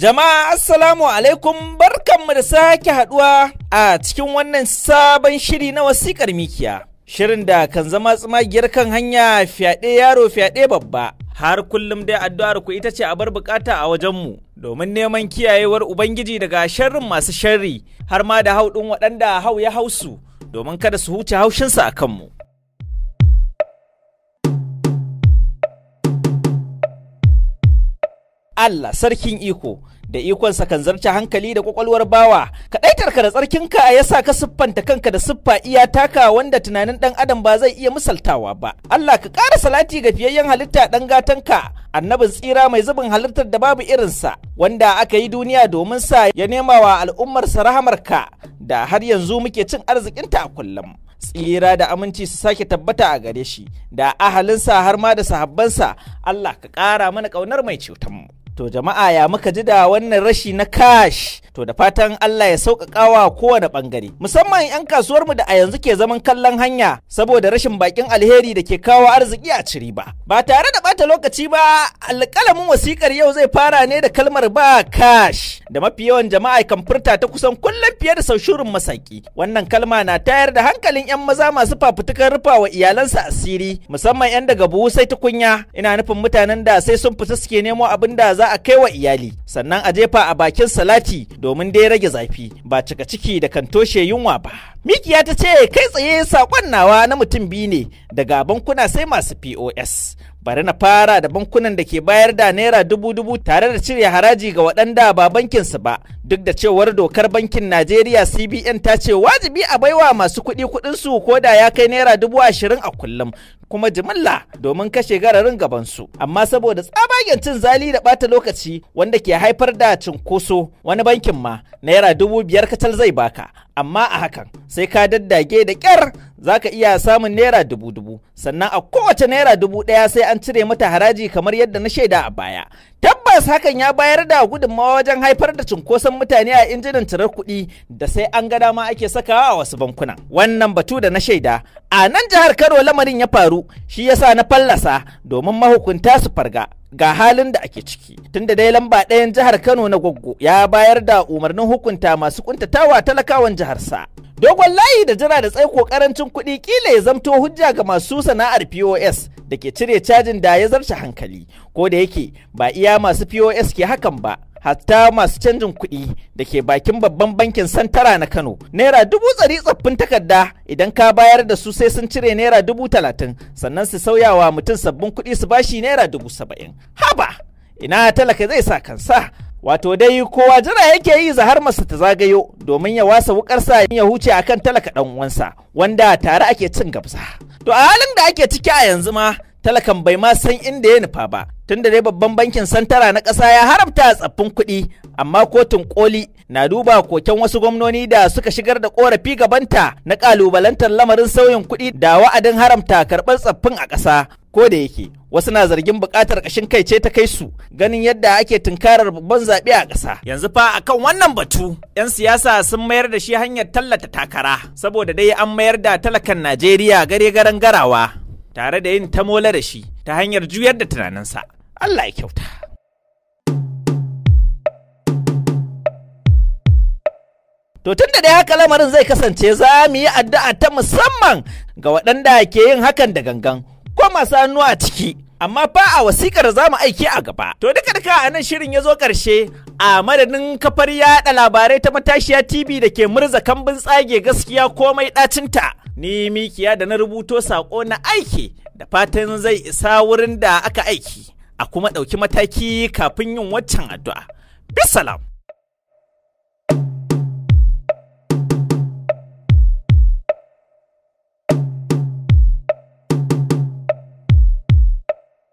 Jama'a Assalamu alaikum barkanmu da sake haduwa a cikin wannan sabon shiri na wasikar mikiya. Shirin da kan zama tsumagiyar kan hanya fyaɗe yaro fyaɗe babba. Har kullum dai addu'ar ku ita ce a bar bukata a wajenmu domin neman kiyayewar Ubangiji daga sharrin masu sharri har ma da hauɗin waɗanda hau ya hausu domin kada su huce haushinsa a kanmu. Allah sarkin iko da ikonsa kan zarce hankali da kwakwalwar bawa kaɗaitarka da tsarkinka ya sa ka siffanta kanka da siffa iya taka wanda tunanin ɗan adam ba zai iya misaltawa ba Allah ka ƙara salati ga fiyayyen halitta ɗan ka annabin tsira mai zubin halittar da babu irinsa wanda aka yi duniya domin sa ya nema wa al'ummarsa rahamarka da har yanzu muke cin arzikinta a kullum tsira da aminci su sake tabbata a gare shi da ahalinsa har ma da sahabbansa Allah ka ƙara mana ƙaunar mai cetonmu. to jama'a ya muka ji da wannan rashi na kash to da fatan Allah ya sauƙaƙa wa kowane ɓangare musamman 'yan kasuwarmu da a yanzu ke zaman kallon hanya saboda rashin bakin alheri da ke kawo arziki a ciri ba ba tare da bata lokaci ba alƙalamin wasikar yau zai fara ne da kalmar ba CASH, da mafi yawan jama'a kan furta ta kusan kullum fiye da saushurin masaki wannan kalma na tayar da hankalin 'yan maza masu fafutukar rufa wa iyalansa asiri musamman 'yan daga buhu sai tukunya ina nufin mutanen da sai sun fita suke nemo abin da za a kai wa iyali sannan a jefa a bakin salati domin dai rage zafi ba cika ciki da kan toshe yunwa ba. Mikiya ta ce kai tsaye saƙon nawa na mutum biyu ne daga bankuna sai masu POS. Bari na fara da bankunan da ke bayar da naira dubu dubu tare da cire haraji ga waɗanda ba bankinsu ba duk da cewar dokar bankin Najeriya CBN ta ce wajibi a baiwa masu kuɗi kuɗinsu ko da ya kai naira dubu ashirin a kullum kuma jimilla domin kashe gararin gabansu amma saboda tsabagen cin zali da bata lokaci wanda ke haifar da cinkoso wani bankin ma naira dubu biyar kacal zai baka amma a hakan sai ka daddage da kyar za ka iya samun naira dubu dubu sannan a kowace naira dubu ɗaya sai an cire mata haraji kamar yadda na shaida a baya tabbas hakan ya bayar da gudunmawa wajen haifar da cunkoson mutane a injinan cirar kuɗi da sai an ga dama ake sakawa a wasu bankuna wannan batu da na shaida a nan jihar kano lamarin ya faru shi yasa na fallasa domin mahukunta su farga ga halin da ake ciki tunda dai lamba ɗayan jihar kano na Goggo ya bayar da umarnin hukunta masu kuntatawa talakawan jiharsa dogon layi da jira da tsaiko karancin kuɗi kila ya zamto hujja ga masu sana'ar pos da ke cire cajin da ya zarce hankali ko da yake ba iya masu pos ke hakan ba hatta masu canjin kuɗi da ke bakin babban bankin santara na kano naira dubu tsari tsaffin takarda idan ka bayar da su sai sun cire naira dubu talatin sannan su sauyawa mutum sabbin kuɗi su bashi naira dubu saba'in haba ina talaka zai sa kansa wato dai kowa jira yake yi zahar masa ta zagayo domin ya wasa wukarsa ya huce akan talaka ɗan uwansa wanda tare ake cin gabza. to a halin da ake ciki a yanzu ma talakan bai ma san inda ya nufa ba tunda dai babban bankin santara na ƙasa ya haramta tsaffin kuɗi amma kotun koli na duba koken wasu gwamnoni da suka shigar da korafi gabanta na ƙalubalantar lamarin sauyin kuɗi da wa'adin haramta karɓar tsaffin a ƙasa ko da yake wasu na zargin buƙatar ƙashin kai ce ta kai su ganin yadda ake tunkarar babban zaɓe a ƙasa. Yanzu fa akan wannan batu 'yan siyasa sun mayar da shi hanyar tallata takara saboda dai an mayar da talakan Najeriya gare garan garawa. tare da yin ta tamola da shi ta hanyar juyar da tunaninsa Allah ya kyauta To tun da dai haka lamarin zai kasance za mu yi addu'a ta musamman ga waɗanda ke yin hakan da gangan ko masu hannu a ciki amma fa a wasikar za mu aiki a gaba. To duka duka a nan shirin ya zo ƙarshe a madadin kafar yaɗa labarai ta matashiya TV da ke murza kambun tsage gaskiya komai ɗacinta. ni mikiya da na rubuto saƙo na aiki da fatan zai isa wurin da aka aiki a kuma ɗauki mataki kafin yin waccan addu'a. Bisalam!